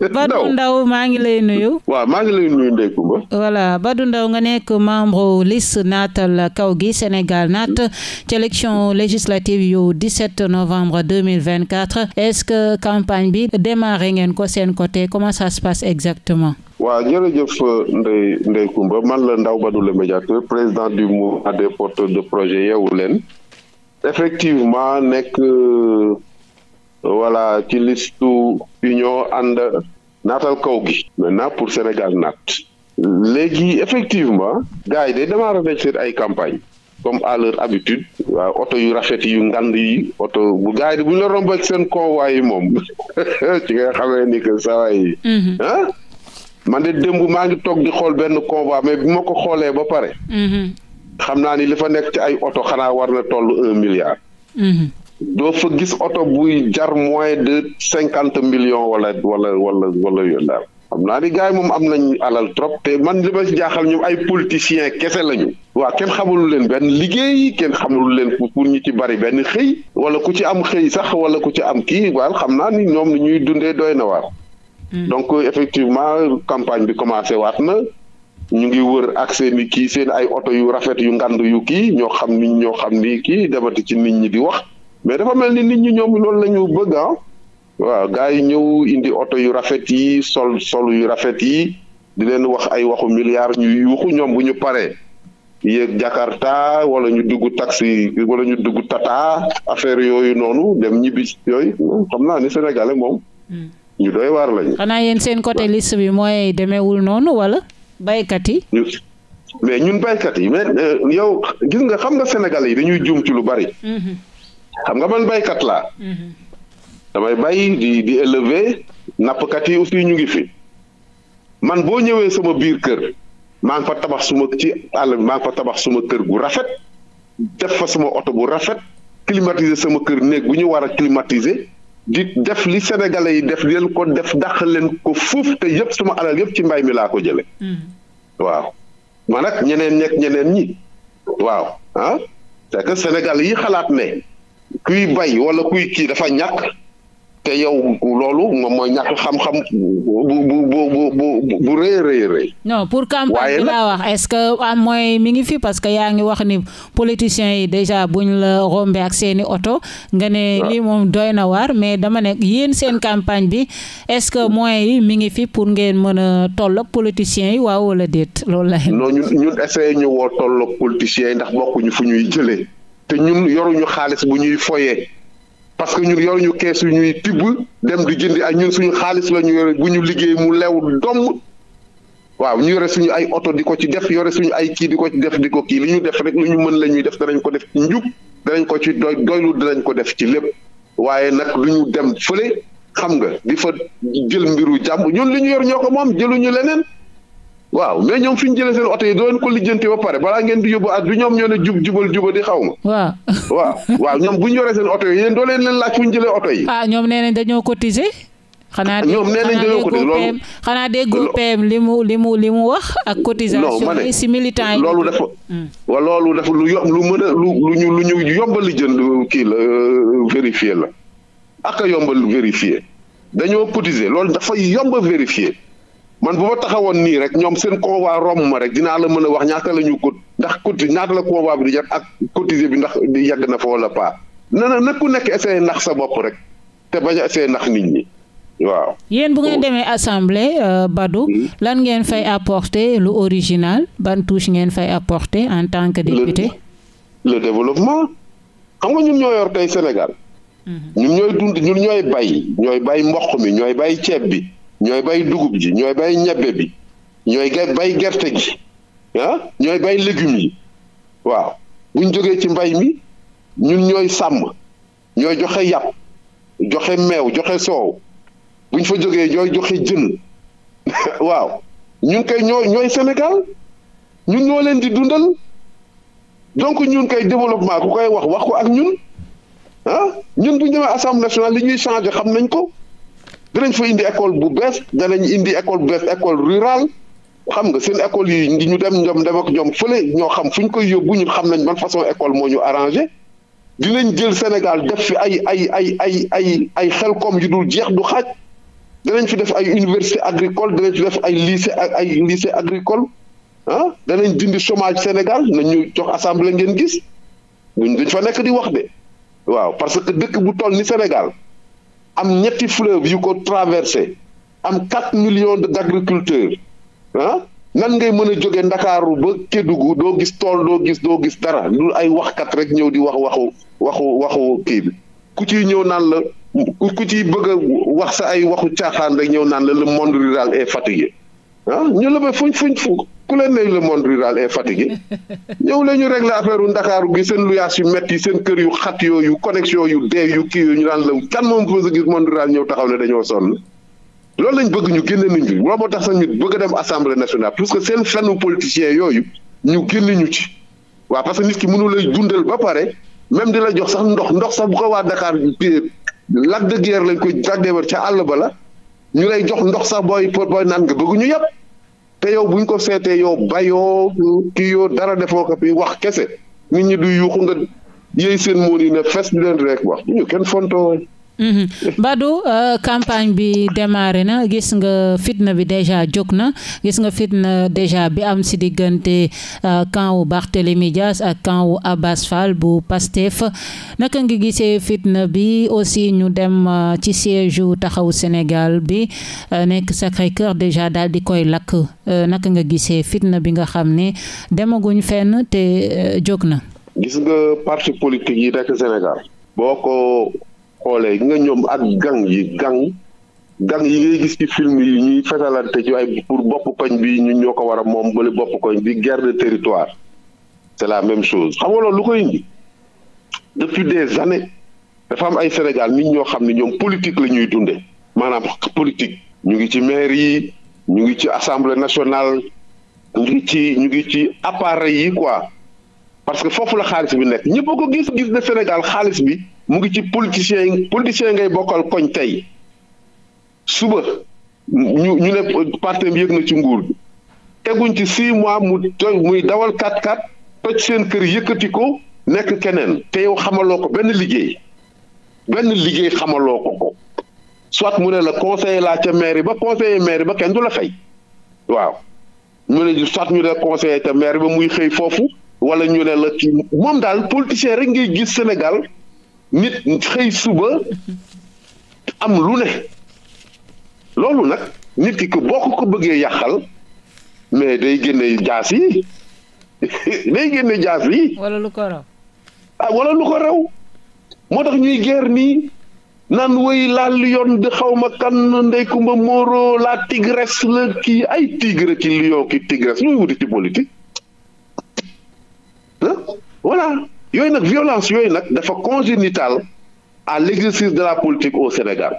Eh, Badou Ndaw maa ngi lay nuyu. waaw maa ngi Badou Ndaw nga nekk membre liste naatal kaw gi Sénégal naat hmm. ci élection législative yu 17 novembre 2024 est-ce que campagne bi démarré ngeen ko seen côté comment ça se passe exactement. waaw jërëjëf Ndeye Ndeye Comba man la Ndaw Badou le médiateur président du mouvement des porteurs de projet Yeewu Leen effectivement nekk. voilà ci listu union ànd naatal kaw gi maintenant pour Sénégal nat léegi effectivement gars yi day démarrer seen ay campagne comme à leur habitude waaw oto yu rafet yu ngand yi oto bu gars yi bu ñu la seen convoi yi moom ci nga xamee ni que saa mhm. man de démb maa ngi toog di xool benn convoi mais bi ma ko xoolee ba pare mhm. xam naa ni li fa nekk ci ay oto xanaa war na toll un milliard mhm. doo fa gis oto buy jar moins de cinquante millions wala wala wala wala yooyu daal xam naa ni gars yi moom am nañ alal trop te man li ma jaaxal ñoom ay politiciens kese lañu waa kenn xamulu leen benn liggéey kenn xamul leen pour ñu ci bari benn xëy wala ku ci am xëy sax wala ku ci am kii waal xam naa ni ñoom ni ñuy dundee doy na waar hmm. donc effectivement campagne bi commencé waat na ñu ngi wër ak seen kii seen ay oto yu rafet yu ngand yu kii ñoo xam ni ñoo xam ni kii demati ci nit ñi di wax mais dafa mel ni nit ñi ñoom loolu la ñu bëgg ah waaw gars yi ñëw indi oto yu rafet yi sol sol yu rafet yi di leen wax ay waxu milliards ñu yuuxu ñoom bu ñu paree yéeg Jakarta wala ñu dugg taxi wala ñu dugg tata affaire yooyu noonu dem ñibbi yooyu xam naa ni sénégalais moom. Hmm. ñu doy waar lañu. xanaa yéen seen côté liste bi mooy demeewul noonu wala baykat yi. mais ñun baykat yi mais euh, yow gis nga xam nga sénégalais yi dañuy jumt lu bari. Hmm. xam nga man baykat laa. Mhm. damay bay di di élever nappkat yi aussi ñu ngi fi man boo ñëwee sama biir kër maa ngi fa tabax suma ci àll bi maa fa tabax suma kër gu rafet def fa suma oto bu rafet climatiser sama kër néeg bu ñu war a climatiser di def li sénégalais yi def di ko def dàq leen ko fuuf te yëpp suma alal yëpp ci mbay mi laa ko jële mhm. waaw man nag ñeneen ñekk ñeneen ñi waaw ah c'est que yi xalaat ne kuy bay wala kuy kii dafa ñàkk te yow loolu moom mooy ñàkk xam-xam bu bu bu bu bu rëy rëy rëy. non pour campagne bi laa wax est-ce que am ah, mooy mi ngi fi parce que yaa ngi wax ni politiciens yi déjà buñ la rombé ak seeni oto. nga ne ah. moom doy na waar mais dama ne yéen seen campagne bi est-ce que moyens yi mi ngi fi pour ngeen mën a toll ak yi waaw wala déet loolu la. non ñun ñun essayé ñu woo toll ak yi ndax bokkuñu fu ñuy jëlee. te ñun yoruñu xaalis bu ñuy foyee parce que ñun yoruñu kees yu ñuy tibb dem di jëndi ak ñun suñu xaalis la ñu yore bu ñu liggéey mu lew domm waaw ñu yore suñu ay oto di ko ci def yore suñu ay kii di ko ci def di ko kii li ñu def rek lu ñu mën la ñuy def danañ ko def ci njub danañ ko ci doy doylu danañ ko def ci lépp waaye nag lu ñu dem fële xam nga di fa jël mbiru jàmb ñun li ñu yor ñoo ko moom jëluñu leneen waaw mais ñoom fi ñu jëlee seen oto yi doon ko lijjanti ba pare balaa ngeen di yóbbu ak du ñoom ñoo ne jub jubal juba di xaw ma. waaw waaw ñoom bu ñu yoree seen oto yi doo leen leen laaj fu ñu jëlee oto ah, ñoom nee nañ dañoo cotiser. xanaa ñoom nee nañ dañoo cotiser loolu xanaa déggu li mu li mu li mu wax ak cotisation yi si militant loolu dafa hmm. wa loolu dafa lu yomb lu mën a lu ñu lu ñu yombal lijjanti kii la euh, vérifier la ak a yombal vérifier dañoo cotiser loolu dafa yomb a vérifier man bu ma taxawoon nii rek ñoom seen convoi romb ma rek dinaa la mën a wax ñaata la ñu ko ndax coti ñaata la convoi bi di jar ak cotiser bi ndax di na fa wala pas na na nag ku nekk essayé ndax sa bopp rek te bañ a essayé ndax nit ñi waaw. yéen bu ngeen oh. demee assemblée euh, Badou. Hmm? lan ngeen fay apporter lu original ban touche ngeen fay apporter en tant que député. le développement xam nga ñun ñoo yor tey Sénégal. Hmm. ñun ñooy dund ñun ñooy bay ñooy bay mboq mi ñooy bay ceeb bi. ñooy bay dugub ji ñooy bay ñebbe bi ñooy bay gerte gi ah, ñooy bay légumes yi waaw buñ jógee ci mbay mi ñun ñooy sàmm ñooy joxe yàpp joxe meew joxe soow buñ fa jógee ñooy joxe jën waaw ñun kay ñoo ñooy Sénégal ñun ñoo leen di dundal donc ñun kay développement ku koy wax wax ko ak ñun ah ñun bu ñu demee assemblée nationale li ñuy changé xam nañ ko danañ fa indi école bu bees danañ indi école bu bees école rurale xam nga seen école yi ñu dem ñoom dem ak ñoom fële ñoo xam fu ñu koy yóbbu ñu xam nañ ban façon école moo ñu arrangé dinañ jël Sénégal def fi ay ay ay ay ay ay xel koom yu dul jeex du xaaj danañ fi def ay université agricole danañ fi def ay lycée ak ay lycée agricole ah danañ dindi chômage Sénégal nañu jox assemblée ngeen gis ñun dañ fa nekk di wax de waaw parce que dëkk bu toll ni Sénégal am ñetti fleuve yu ko traversé am quatre millions d'agriculteurs ah nan ngay mën a jóge ndakaaru ba Kédougou doo gis tool doo gis doo gis dara lu ay waxkat rek ñëw di wax waxu waxu waxu kii bi ku ci ñëw naan la ku ci bëgg a wax sa ay waxu caaxaan rek ñëw naan la le monde rural est fatigué ah ñu la ba fuñ fuñ fuñ ku leen ne le monde rural est fatigué ñëw la ñu régler affaire u ndakaaru gi seen luyaas yu metti seen kër yu xat yooyu connexion yu dee yu kii yooyu ñu daan la kan moom fa sa gis monde rural ñëw taxaw ne dañoo sonn loolu lañ bëgg ñu génne nañ ci loolu moo tax sax ñu bëgg a dem assemblée nationale parce que seen fennu politiciens yooyu ñu génne ñu ci waaw parce que nit ki mënu lay dundal ba pare même di jox sax ndox ndox sax bu ko waa Dakar lac de Guiers lañ koy lac de ca àll ba la ñu lay jox ndox sax booy booy naan nga bëgguñu ñu yëpp te yow buñ ko seetee yow bayoo kii yoo dara defoo ko wax kese nit ñi du yuuxu nga yëy seen moon yi ne fes di leen rek wax ñu kenn fontoo Mhm. Badou euh, campagne bi demare na gis nga fitna bi déjà jóg na gis nga fitna déjà bi am si diggante euh, camp wu Barthélémy Dias ak camp wu Abbas Fall bu Pastef naka nga gisee fitna bi aussi ñu dem euh, ci siège u Taxawu Sénégal bi nekk Sacré-Cœur déjà daal di koy lakk naka nga gisee fitna bi nga xam ne demaguñ fenn te jóg na. gis nga parti politique yi nekk Sénégal boo ko xoolee nga ñoom ak gang yi gang gang yi ngay gis ci film yi ñuy fetalante ci ay pour bopp koñ bi ñu ñoo ko war a moom bale bopp koñ bi guerre de territoire c'est la même chose xam nga lu koy indi depuis des années dafa am ay Sénégal nit ñoo xam ne ñoom politique la ñuy dundee maanaam politique ñu ngi ci maire yi ñu ngi ci assemblée nationale ñu ngi ci ñu ngi ci appareil yi quoi parce que foofu la xaalis bi nekk ñi a ko gis gis ne Sénégal xaalis bi mu ngi ci politiciens yi politiciens ngay bokkal koñ tey suba ñu ñu ne parti yëg na ci nguur bi teguñ ci six mois mu muy dawal kat kat toj seen kër yëkkati ko nekk keneen te yow xamaloo ko benn liggéey benn liggéey xamaloo ko ko soit mu ne la conseiller laa ca mairie ba conseiller mairie ba kenn du la fay waaw mu ne soit ñu ne conseiller te mairie ba muy xëy foofu wala ñu ne la ci moom daal politicien rek ngay gis Sénégal nit xëy suba am lu ne loolu nag nit ki ko bokk ko bëggee yàqal mais day génne jaas yi day génne jaas yi. wala lu ko raw. ah wala lu ko raw moo tax ñuy ger nii naan woy la lion de xawma kan ndey kumba mooro la tigresse la kii ay tigre ki lion ki tigresse ñuy wuti ci politique ah yooyu nag violence yooyu nag dafa congénital à l'exercice de la politique au Sénégal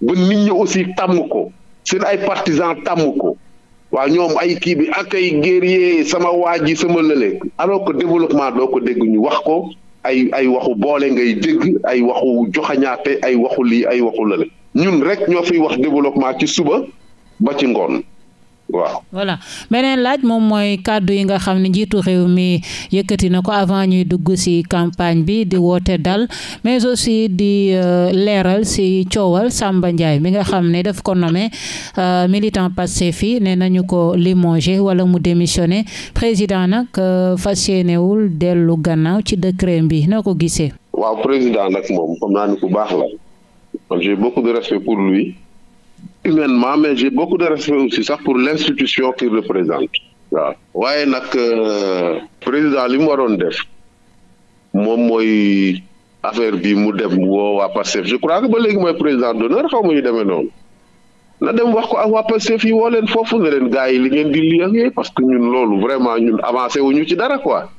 ba nit ñi aussi tàmm ko seen ay partisans tàmm ko waaw ñoom ay kii bi ak ay guerrier sama waa ji sama lële alors que développement doo ko dégg ñu wax ko ay ay waxu boole ngay dégg ay waxu joxañaate ay waxu lii ay waxu lële ñun rek ñoo fiy wax développement ci suba ba ci ngoon waaw voilà beneen laaj moom mooy kàddu yi nga xam ne njiitu réew mi yëkkati na ko avant ñuy dugg ci campagne bi di woote dal mais aussi di euh, leeral ci coowal Samba Ndiaye mi nga xam ne daf ko nommé euh, militant Pastef fii ne nañu ko limogé wala mu démissionné président nag euh, fas yéenewul dellu gannaaw ci décret bi noo ko gisee. waaw président nag moom xam naa ni ku baax la man j'ai beaucoup respect pour lui. humainement mais j'ai beaucoup de respect aussi sax pour l'institution qu'il représente waaw waaye nag euh, président li mu waroon def moom mooy affaire bi mu dem woo waa Pastef je crois que ba léegi mooy président d'honneur xaw ma ñu demee noonu na dem wax ko ak waa Pastef yi woo leen foofu ne leen gars yi li ngeen di lii ak yooyu parce que ñun loolu vraiment ñun avancé wuñu ci dara quoi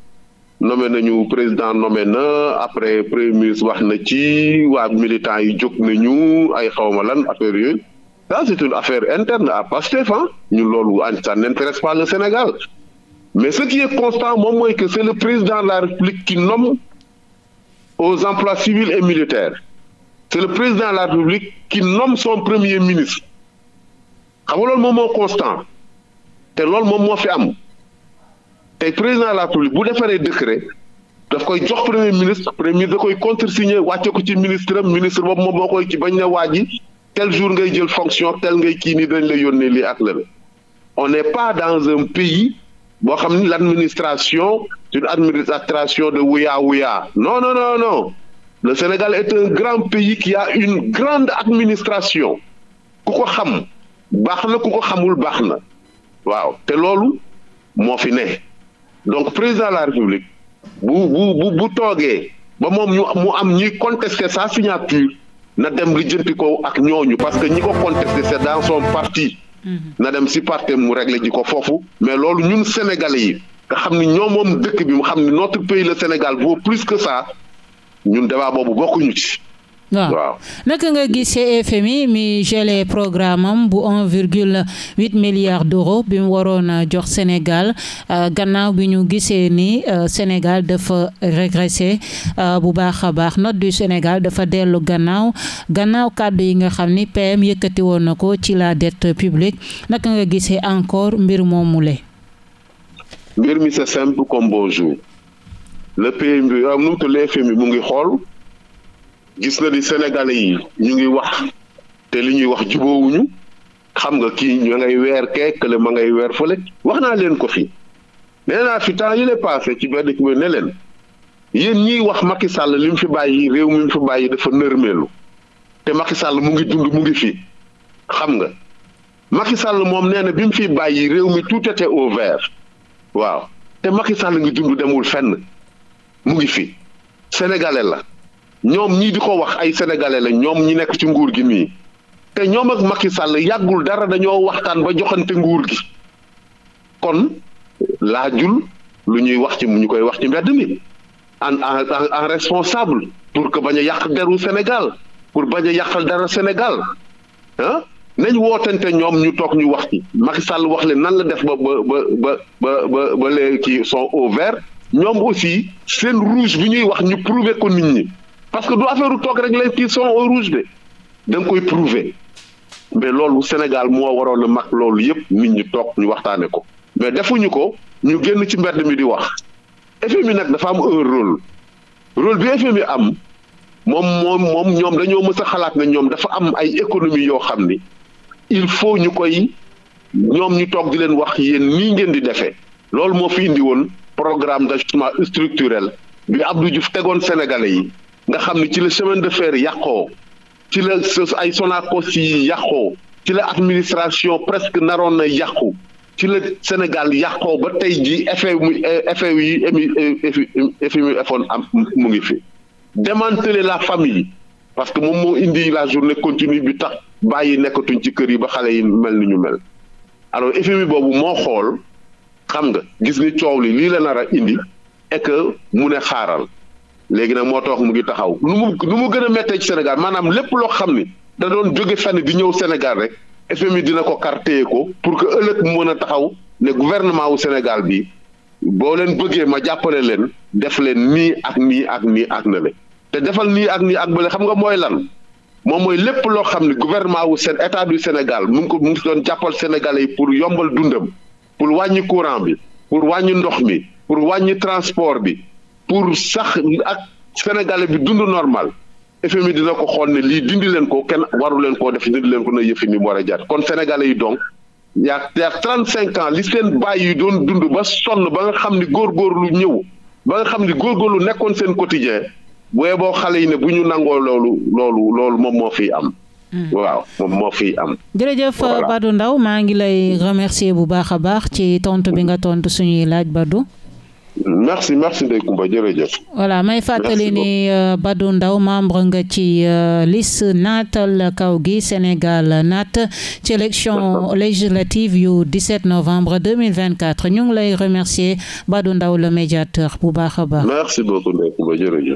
nommé nañu président nommé na après premier ministre wax na ci waa militant yi na ñu ay xawma lan affaire yooyu ça c'est une affaire interne à Pastef ah ñun loolu ça n'intéresse pas le Sénégal mais ce qui est constant moom mooy que c'est le président de la République qui nom aux emplois civils et militaire c'est le président de la République qui nomme son premier ministre xam nga loolu moom moo constant te loolu moom moo fi am te président de la République bu defaree décret daf koy jox premier ministre premier ministre da koy contresigner wàcce ko ci ministre am ministre moom moo koy ci bañ na waa ji tel jour ngay jël fonction tel ngay kii nii dañ la yónnee lii ak la on n'est pas dans un pays boo xam ni l'administration c'est une administration de wuyaa wuyaa non non non non le Sénégal est un grand pays qui a une grande administration ku ko xam baax na ku ko xamul baax na waaw te loolu moo fi ne donc président de la République bu bu bu toogee ba moom ñu mu am ñuy contester sa signature na dem lijjanti ko ak ñooñu parce que ñi ko contesté c'est dans son parti. Mm-hmm. na dem si parti mu réglé ji ko foofu. mais loolu ñun sénégalais yi nga xam ni ñoom moom dëkk bi mu xam ni notre pays le Sénégal vaut plus que ça ñun débat boobu bokkuñu ci. waaw naka nga gisee FMI mi gelé programme am bu un virgule huit milliards d'euros bi mu waroon a jox Sénégal euh, gannaaw bi ñu gisee ni euh, Sénégal dafa régressé euh, bu baax a baax note du Sénégal dafa dellu gannaaw gannaaw kàddu yi nga xam ni PM yëkkati woon na ko ci la dette publique naka nga gisee encore mbir moomu mbir mi c'est simple comme bonjour le PM mu ngi xool. gis na ni sénégalais yi ñu ngi wax te li ñuy wax juboowuñu xam nga kii ñu ngay weer kee kële ma ngay weer fële wax naa leen ko fi nee naa fi temps yële passé ci benn kii ne leen yéen ñiy wax Macky Sall li mu fi bàyyi réew mi mu fi bàyyi dafa nërmeelu te Macky Sall mu ngi dund mu ngi fi xam nga Macky Sall moom nee na bi mu fi bàyyi réew mi tout était au vert waaw te Macky Sall ngi dund demul fenn mu ngi fi sénégalais la. ñoom ñii di ko wax ay sénégalais la ñoom ñi nekk ci nguur gi nii te ñoom ak Macky Sall yàggul dara dañoo waxtaan ba joxante nguur gi kon laajul lu ñuy wax ci mu ñu koy wax ci mbedd mi en en en responsable pour que bañ a yàq deru Sénégal pour bañ a yàqal dara Sénégal ah nañ wootante ñoom ñu toog ñu wax ci Macky wax leen nan la def ba ba ba ba ba ba les qui sont au ñoom aussi seen rouge bi ñuy wax ñu prouver ko ñi. parce que du affaire toog rek les qui son au rouge de koy prouver mais loolu Sénégal moo waroon a mag loolu yëpp nit ñu toog ñu waxtaane ko mais defuñu ko ñu génn ci mbedd mi di wax FMI nag dafa am un rôle rôle bi am moom moom moom ñoom dañoo mës a xalaat ne ñoom dafa am ay économie yoo xam ni il faut ñu koy ñoom ñu toog di leen wax yéen nii ngeen di defee loolu moo fi indi woon programme d'ajustement structurel bi Abdou Diouf tegoon Sénégalais yi nga xam ne ci la chemin de fer yàqoo ci la ay Sonacos yi yàqoo ci la administration presque naroon na yàqu ci la Sénégal yàqoo ba tey ji effet mu eh, effet yi émi eh, effet mu effoon am mu ngi fi démanteler la famille parce que moom moo indi la journée continue bi tax bàyyi nekkatuñ ci kër yi ba xale yi mel ni ñu mel alors FMI boobu moo xool xam nga gis ni coow li lii la nara indi et que mu ne xaaral léegi nag moo tax mu ngi taxaw nu mu nu mu gën a méttee ci Sénégal maanaam lépp loo xam ni da doon jóge fenn di ñëw Sénégal rek FMI dina ko kartee ko pour que ëllëg mu mën a taxaw ne gouvernement wu Sénégal bi boo leen bëggee ma jàppale leen def leen nii ak nii ak nii ak na le te defal nii ak nii ak bële xam nga mooy lan moom mooy lépp loo xam ne gouvernement wu seen état du Sénégal mu ngi ko mu ngi doon jàppal Sénégalais yi pour yombal dundam pour wàññi courant bi pour wàññi ndox mi pour wàññi transport bi pour sax ak sénégalais bi dund normal FMI dina ko xool ne lii dindi leen ko kenn waru leen koo def dindi leen ko na yëfi ni mu war a jaar kon sénégalais yi donc yaa yaa trente cinq ans li seen bàyyi yi doon dund ba sonn ba nga xam ni góor góor lu ñëw ba nga xam ni lu nekkoon seen quotidien booy boo xale yi ne bu ñu nangoo loolu loolu loolu moom moo fiy am. Hmm. waaw moom moo fi am. jërëjëf Badou ndaw maa ngi lay remercier bu baax a baax ci tontu bi nga tontu suñuy laaj Badou. merci voilà may fàttali ni euh, Badou Ndao membre nga ci euh, liste naatal kaw gi Sénégal naat ci élection législative yu 17 novembre 2024 ñu ngi lay remercier Badou Ndao le médiateur bu baax a baax.